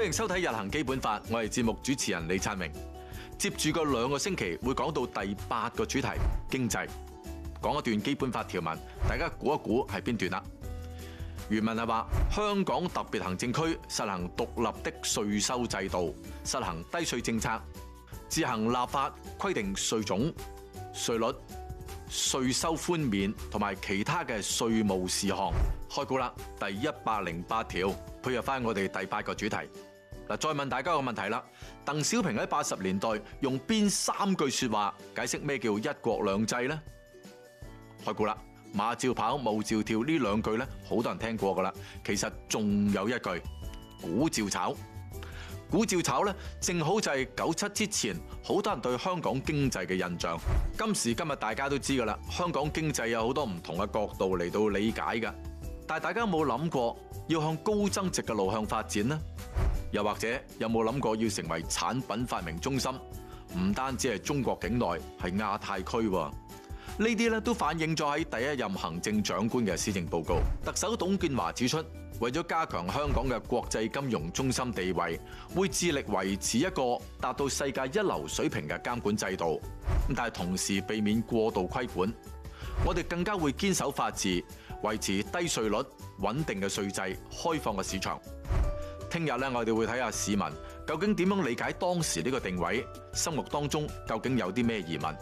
歡迎收睇《日行基本法》，我係節目主持人李燦明。接住個兩個星期會講到第八個主題經濟，講一段基本法條文，大家估一估係邊段啦？原文係話香港特別行政區實行獨立的稅收制度，實行低稅政策，自行立法規定稅種、稅率、稅收寬免同埋其他嘅稅務事項。開估啦，第一百零八條，配合翻我哋第八個主題。再問大家個問題啦。鄧小平喺八十年代用邊三句說話解釋咩叫一國兩制呢？開估啦，馬照跑，舞照跳，這兩呢兩句咧，好多人聽過噶啦。其實仲有一句，股照炒，股照炒咧，正好就係九七之前好多人對香港經濟嘅印象。今時今日大家都知噶啦，香港經濟有好多唔同嘅角度嚟到理解嘅，但大家有冇諗過要向高增值嘅路向發展呢？又或者有冇諗過要成為產品發明中心？唔單止係中國境內，係亞太區。呢啲咧都反映咗喺第一任行政長官嘅施政報告。特首董建華指出，為咗加強香港嘅國際金融中心地位，會致力維持一個達到世界一流水平嘅監管制度。但係同時避免過度規管，我哋更加會堅守法治，維持低稅率、穩定嘅稅制、開放嘅市場。聽日咧，我哋會睇下市民究竟點樣理解當時呢個定位，心目當中究竟有啲咩疑問。